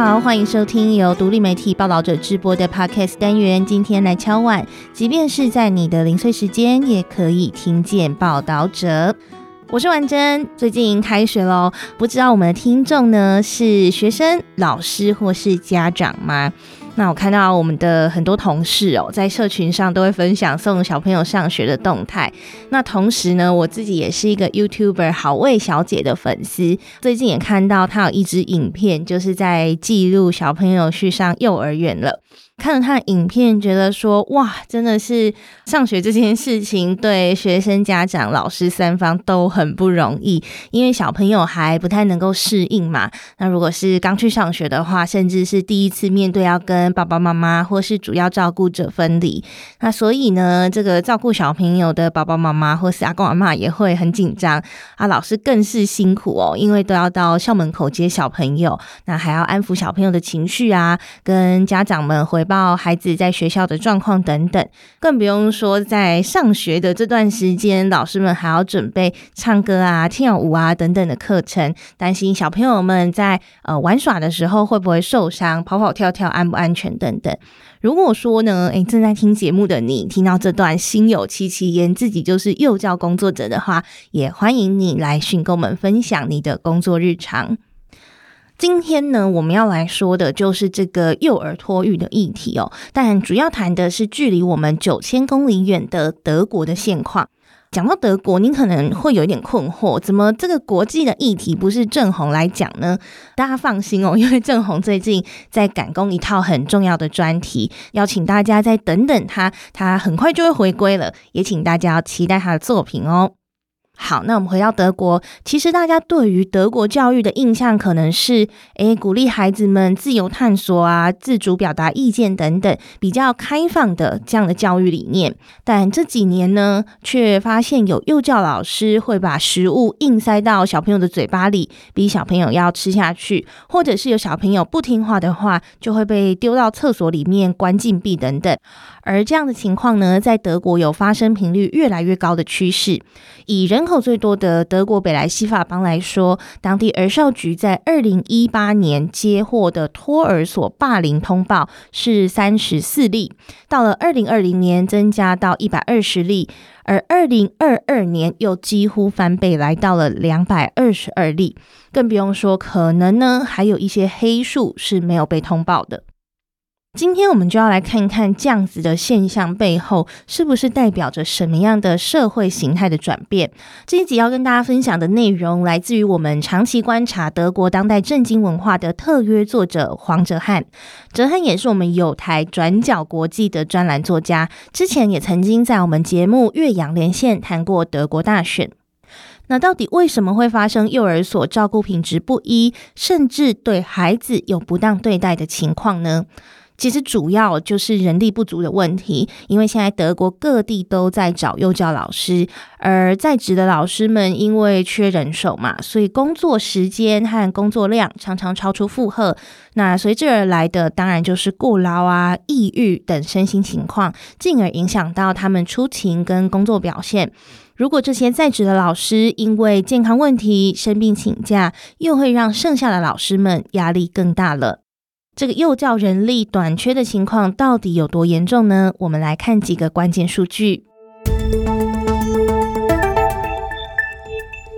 好，歡迎收聽由獨立媒體報道者直播的 Podcast 單元。今天來敲碗，即便是在你的零碎時間，也可以聽見報道者。我是婉甄，最近開學咯，不知道我們的聽眾呢是學生、老師或是家長嗎？那我看到我們的很多同事哦、喔，在社群上都會分享送小朋友上學的動態。那同時呢，我自己也是一個 YouTuber 好味小姐的粉絲，最近也看到她有一支影片，就是在記錄小朋友去上幼兒園了。看了他的影片，覺得說哇，真的是上學這件事情，對學生、家長、老師三方都很不容易，因為小朋友還不太能夠適應嘛。那如果是剛去上學的話，甚至是第一次面對要跟爸爸媽媽或是主要照顧者分離，那所以呢，這個照顧小朋友的爸爸媽媽或是阿公阿嬤也會很緊張啊。老師更是辛苦哦，因為都要到校門口接小朋友，那還要安撫小朋友的情緒啊，跟家長們會。報孩子在學校的狀況等等，更不用說在上學的這段時間，老師們還要準備唱歌啊、跳舞啊等等的課程，擔心小朋友們在呃玩耍的時候會不會受傷，跑跑跳跳安不安全等等。如果說呢，誒，正在聽節目的你聽到這段心有戚戚焉，自己就是幼教工作者的話，也歡迎你來訊跟我們分享你的工作日常。今天呢，我們要來說的就是這個幼兒托育的議題哦，但主要談的是距離我們九千公里遠的德國的現況。講到德國，您可能會有一點困惑，怎麼這個國際的議題不是鎮宏來講呢？大家放心哦，因為鎮宏最近在趕工一套很重要的專題，邀請大家再等等他，他很快就會回歸了，也請大家要期待他的作品哦。好，那我們回到德國。其實大家對於德國教育的印象，可能是誒，鼓勵孩子們自由探索啊、自主表達意見等等，比較開放的這樣的教育理念。但這幾年呢，卻發現有幼教老師會把食物硬塞到小朋友的嘴巴裡，逼小朋友要吃下去；或者是有小朋友不聽話的話，就會被丟到廁所裡面關禁閉等等。而這樣的情況呢，在德國有發生頻率越來越高的趨勢，以人。口最多的德國北萊西法邦來說，當地兒少局在二零一八年接獲的托兒所霸凌通報是三十四例，到了二零二零年增加到一百二十例，而二零二二年又幾乎翻倍來到了兩百二十二例。更不用說可能呢，還有一些黑數是沒有被通報的。今天我們就要來看一看這樣子的現象背後，是不是代表着什麼樣的社會形態的轉變？這一集要跟大家分享的內容，來自於我們長期觀察德國當代政經文化的特約作者黃哲翰。哲翰也是我們友台轉角國際的專欄作家，之前也曾經在我們節目《岳陽連線》談過德國大選。那到底為什麼會發生幼兒所照顧品質不一，甚至對孩子有不當對待的情況呢？其實主要就是人力不足的問題，因為現在德國各地都在找幼教老師，而在職的老師們因為缺人手嘛，所以工作時間和工作量常常超出負荷。那隨之而來的當然就是過勞啊、抑鬱等身心情況，進而影響到他們出勤跟工作表現。如果這些在職的老師因為健康問題生病請假，又會讓剩下的老師們壓力更大了。這個幼教人力短缺的情況到底有多嚴重呢？我們來看幾個關鍵數據。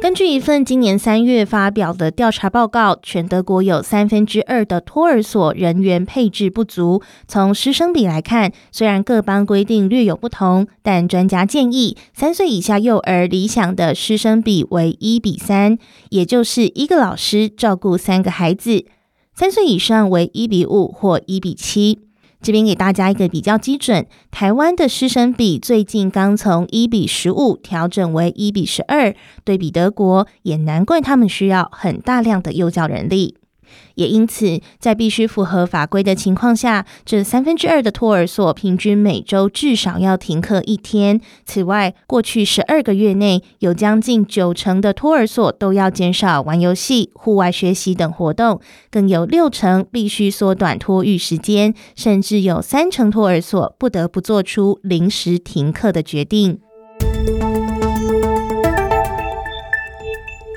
根據一份今年三月發表的調查報告，全德國有三分之二的托兒所人員配置不足。從師生比來看，雖然各邦規定略有不同，但專家建議，三歲以下幼兒理想的師生比為一比三，也就是一個老師照顧三個孩子。三歲以上為一比五或一比七，這邊給大家一個比較基準。台灣的師生比最近剛從一比十五調整為一比十二，對比德國，也難怪他們需要很大量的幼教人力。也因此，在必須符合法規的情況下，這三分之二的托兒所平均每週至少要停課一天。此外，過去十二個月內，有將近九成的托兒所都要減少玩遊戲、戶外學習等活動，更有六成必須縮短托育時間，甚至有三成托兒所不得不做出臨時停課的決定。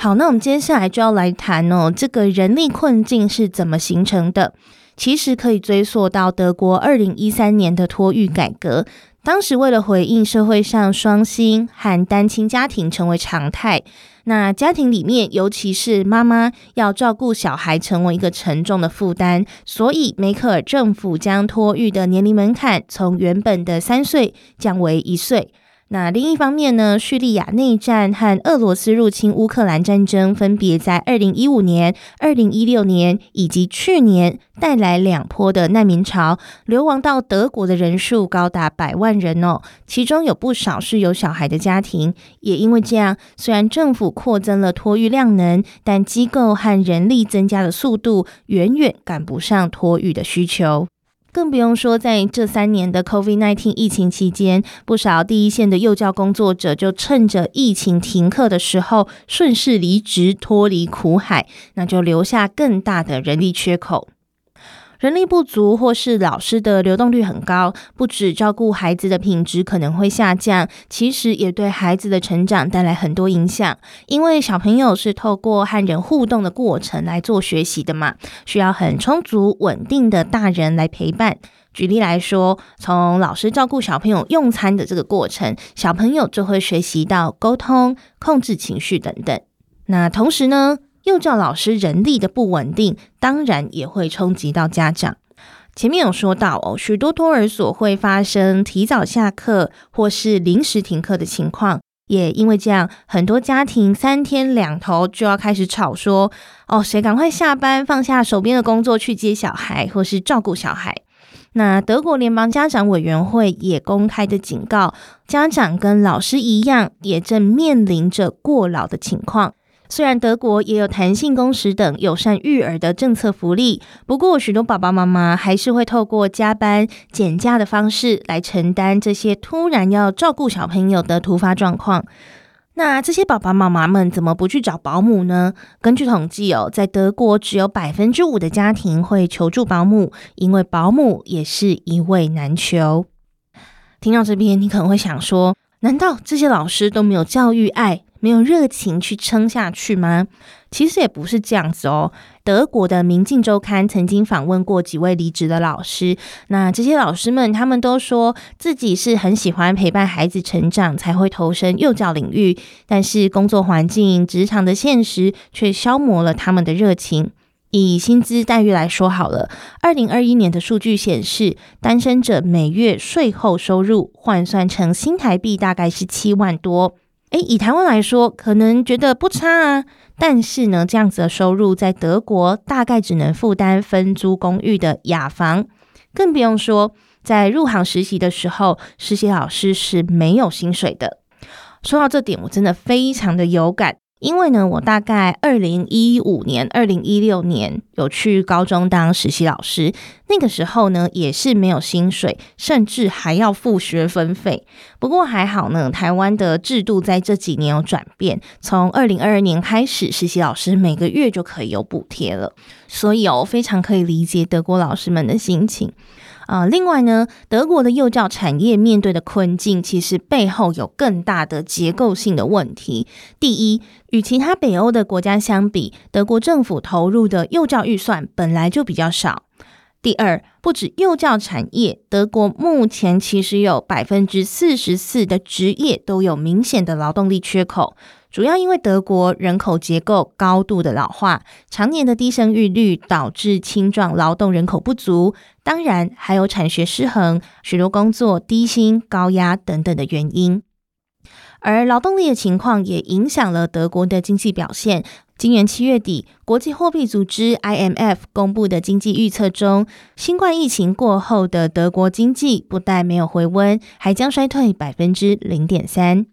好，那我們接下來就要來談哦，這個人力困境是怎麼形成的？其實可以追溯到德國二零一三年的托育改革。當時為了回應社會上雙薪和單親家庭成為常態，那家庭裡面尤其是媽媽要照顧小孩成為一個沉重的負擔，所以梅克爾政府將托育的年齡門檻從原本的三歲降為一歲。那另一方面呢，敘利亞內戰和俄羅斯入侵烏克蘭戰爭分別在二零一五年、二零一六年以及去年帶來兩波的難民潮，流亡到德國的人數高達百萬人哦，其中有不少是有小孩的家庭，也因為這樣，雖然政府擴增了托育量能，但機構和人力增加的速度遠遠趕不上托育的需求。更不用說，在這三年的 COVID-19 疫情期間，不少第一線的幼教工作者就趁着疫情停課的時候，順勢離職，脫離苦海，那就留下更大的人力缺口。人力不足或是老師的流動率很高，不只照顧孩子的品質可能會下降，其實也對孩子的成長帶來很多影響。因為小朋友是透過和人互動的過程來做學習的嘛，需要很充足、穩定的大人來陪伴。舉例來說，從老師照顧小朋友用餐的這個過程，小朋友就會學習到溝通、控制情緒等等。那同時呢？幼教老師人力的不穩定，當然也會衝擊到家長。前面有說到哦，許多托兒所會發生提早下課或是臨時停課的情況，也因為這樣，很多家庭三天兩頭就要開始吵說：“哦，誰趕快下班，放下手邊的工作去接小孩或是照顧小孩。”那德國聯邦家長委員會也公開的警告，家長跟老師一樣，也正面臨着過勞的情況。雖然德國也有彈性工時等友善育兒的政策福利，不過許多爸爸媽媽還是會透過加班減假的方式來承擔這些突然要照顧小朋友的突發狀況。那這些爸爸媽媽們怎麼不去找保姆呢？根據統計哦，在德國只有百分之五的家庭會求助保姆，因為保姆也是一位難求。聽到這邊，你可能會想說：難道這些老師都沒有教育愛？沒有熱情去撐下去嗎？其實也不是這樣子哦。德國的《明鏡週刊》曾經訪問過幾位離職的老師，那這些老師們他們都說自己是很喜歡陪伴孩子成長，才會投身幼教領域。但是工作環境、職場的現實卻消磨了他們的熱情。以薪資待遇來說好了，二零二一年的數據顯示，單身者每月稅後收入換算成新台幣大概是七萬多。誒，以台灣來說，可能覺得不差啊，但是呢，這樣子的收入在德國大概只能負擔分租公寓的雅房，更不用說在入行實習的時候，實習老師是沒有薪水的。說到這點，我真的非常的有感。因為呢，我大概二零一五年、二零一六年有去高中當實習老師，那個時候呢，也是沒有薪水，甚至還要付學分費。不過還好呢，台灣的制度在這幾年有轉變，從二零二二年開始，實習老師每個月就可以有補貼了。所以哦，非常可以理解德國老師們的心情。啊，另外呢，德國的幼教產業面對的困境，其實背後有更大的結構性的問題。第一，與其他北歐的國家相比，德國政府投入的幼教預算本來就比較少。第二，不止幼教產業，德國目前其實有百分之四十四的職業都有明顯的勞動力缺口，主要因為德國人口結構高度的老化，常年的低生育率導致青壯勞動人口不足。當然，還有產學失衡、許多工作低薪、高壓等等的原因，而勞動力的情況也影響了德國的經濟表現。今年七月底，國際貨幣組織 （IMF） 公布的經濟預測中，新冠疫情過後的德國經濟不但沒有回溫，還將衰退百分之零點三。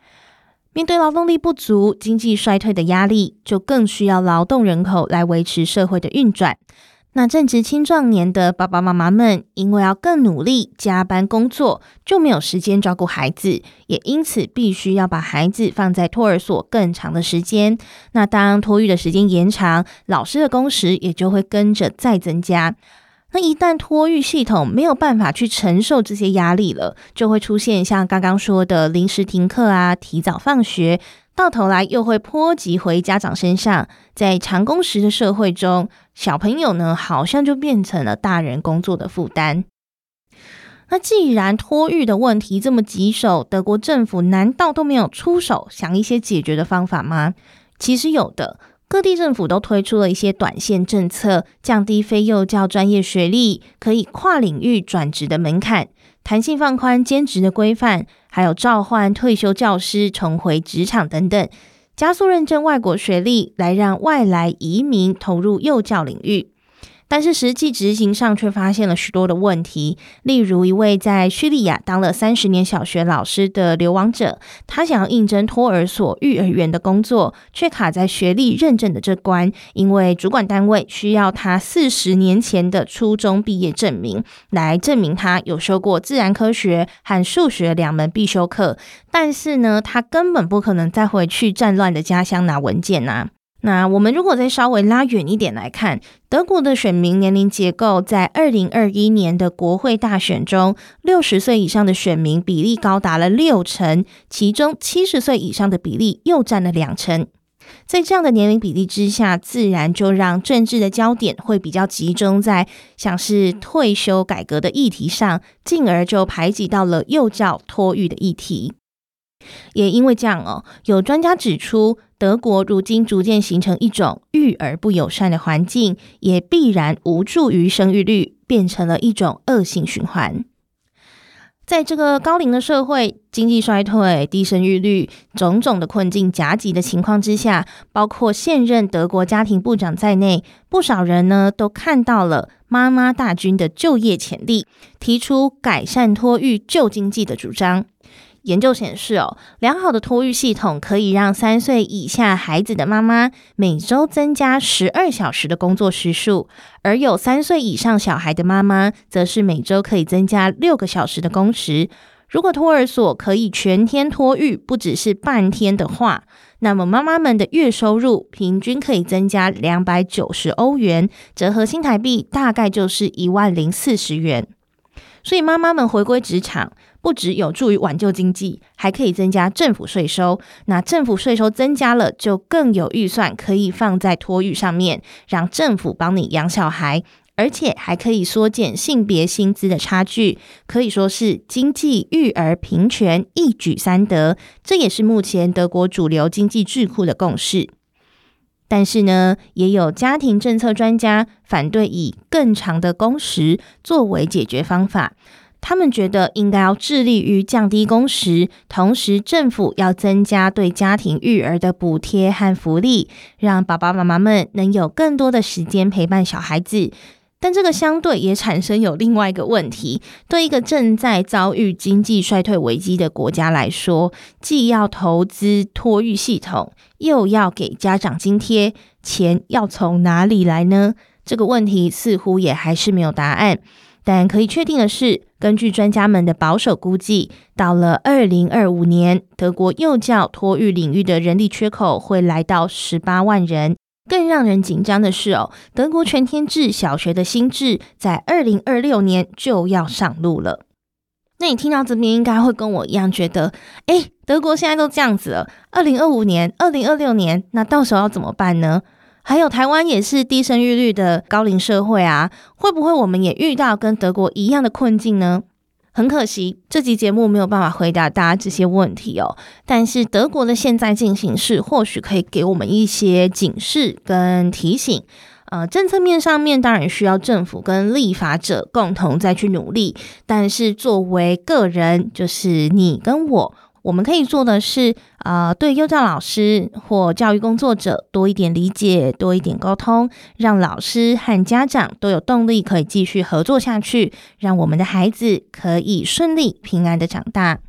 面對勞動力不足、經濟衰退的壓力，就更需要勞動人口來維持社會的運轉。那正值青壯年的爸爸媽媽們，因為要更努力加班工作，就沒有時間照顧孩子，也因此必須要把孩子放在托兒所更長的時間。那當托育的時間延長，老師的工時也就會跟着再增加。那一旦托育系統沒有辦法去承受這些壓力了，就會出現像剛剛說的臨時停課啊，提早放學。到頭來又會波及回家長身上，在長工時的社會中，小朋友呢，好像就變成了大人工作的負擔。那既然托育的問題這麼棘手，德國政府難道都沒有出手想一些解決的方法嗎？其實有的，各地政府都推出了一些短線政策，降低非幼教專業學歷可以跨領域轉職的門檻，彈性放寬兼職的規範。還有召喚退休教師重回職場等等，加速認證外國學歷，來讓外來移民投入幼教領域。但是實際執行上卻發現了許多的問題，例如一位在敘利亞當了三十年小學老師的流亡者，他想要應徵托兒所、幼兒園的工作，卻卡在學歷認證的這關，因為主管單位需要他四十年前的初中畢業證明來證明他有修過自然科學和數學兩門必修課，但是呢，他根本不可能再回去戰亂的家鄉拿文件啊。那我們如果再稍微拉遠一點來看，德國的選民年齡結構在二零二一年的國會大選中，六十歲以上的選民比例高達了六成，其中七十歲以上的比例又占了兩成。在這樣的年齡比例之下，自然就讓政治的焦點會比較集中在像是退休改革的議題上，進而就排擠到了幼教托育的議題。也因為這樣哦，有專家指出。德國如今逐漸形成一種育兒不友善的環境，也必然無助於生育率，變成了一種惡性循環。在這個高齡的社會、經濟衰退、低生育率種種的困境夾擊的情況之下，包括現任德國家庭部長在內，不少人呢都看到了媽媽大軍的就業潛力，提出改善托育救經濟的主張。研究顯示，哦，良好的托育系統可以讓三歲以下孩子的媽媽每周增加十二小時的工作時數，而有三歲以上小孩的媽媽則是每周可以增加六個小時的工時。如果托兒所可以全天托育，不只是半天的話，那麼媽媽們的月收入平均可以增加兩百九十歐元，折合新台幣大概就是一萬零四十元。所以媽媽們回歸職場，不只有助於挽救經濟，還可以增加政府稅收。那政府稅收增加了，就更有預算可以放在托育上面，讓政府幫你養小孩，而且還可以縮減性別薪資的差距，可以說是經濟、育兒、平權一舉三得。這也是目前德國主流經濟智庫的共識。但是呢，也有家庭政策專家反對以更長的工時作為解決方法。他們覺得應該要致力於降低工時，同時政府要增加對家庭育兒的補貼和福利，讓爸爸媽媽們能有更多的時間陪伴小孩子。但這個相對也產生有另外一個問題，對一個正在遭遇經濟衰退危機的國家來說，既要投資托育系統，又要給家長津貼，錢要從哪裡來呢？這個問題似乎也還是沒有答案。但可以確定的是，根據專家們的保守估計，到了二零二五年，德國幼教托育領域的人力缺口會來到十八萬人。更讓人緊張的是，哦，德國全天制小學的新制在二零二六年就要上路了。那你聽到這邊應該會跟我一樣覺得，誒，德國現在都這樣子了，二零二五年、二零二六年，那到時候要怎麼辦呢？還有台灣也是低生育率的高齡社會啊，會不會我們也遇到跟德國一樣的困境呢？很可惜，這集節目沒有辦法回答大家這些問題哦。但是德國的現在進行式或許可以給我們一些警示跟提醒。呃，政策面上面當然需要政府跟立法者共同再去努力，但是作為個人，就是你跟我。我們可以做的是，啊、呃，對幼教老師或教育工作者多一點理解，多一點溝通，讓老師和家長都有動力，可以繼續合作下去，讓我們的孩子可以順利、平安地長大。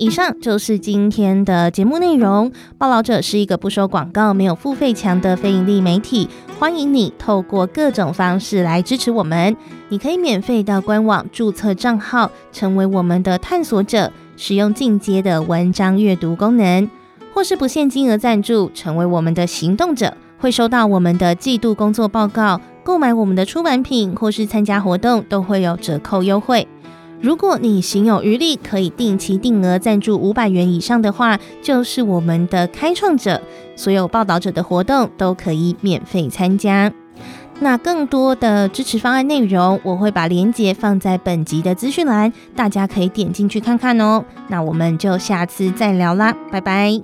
以上就是今天的節目內容。報導者是一個不收廣告、沒有付費牆的非盈利媒體，歡迎你透過各種方式來支持我們。你可以免費到官網注冊賬號，成為我們的探索者，使用進階的文章閱讀功能；或是不限金額贊助，成為我們的行動者，會收到我們的季度工作報告。購買我們的出版品或是參加活動，都會有折扣優惠。如果你行有餘力，可以定期定額贊助五百元以上的話，就是我們的開創者。所有報導者的活動都可以免費參加。那更多的支持方案內容，我會把連結放在本集的資訊欄，大家可以點進去看看哦、喔。那我們就下次再聊啦，拜拜。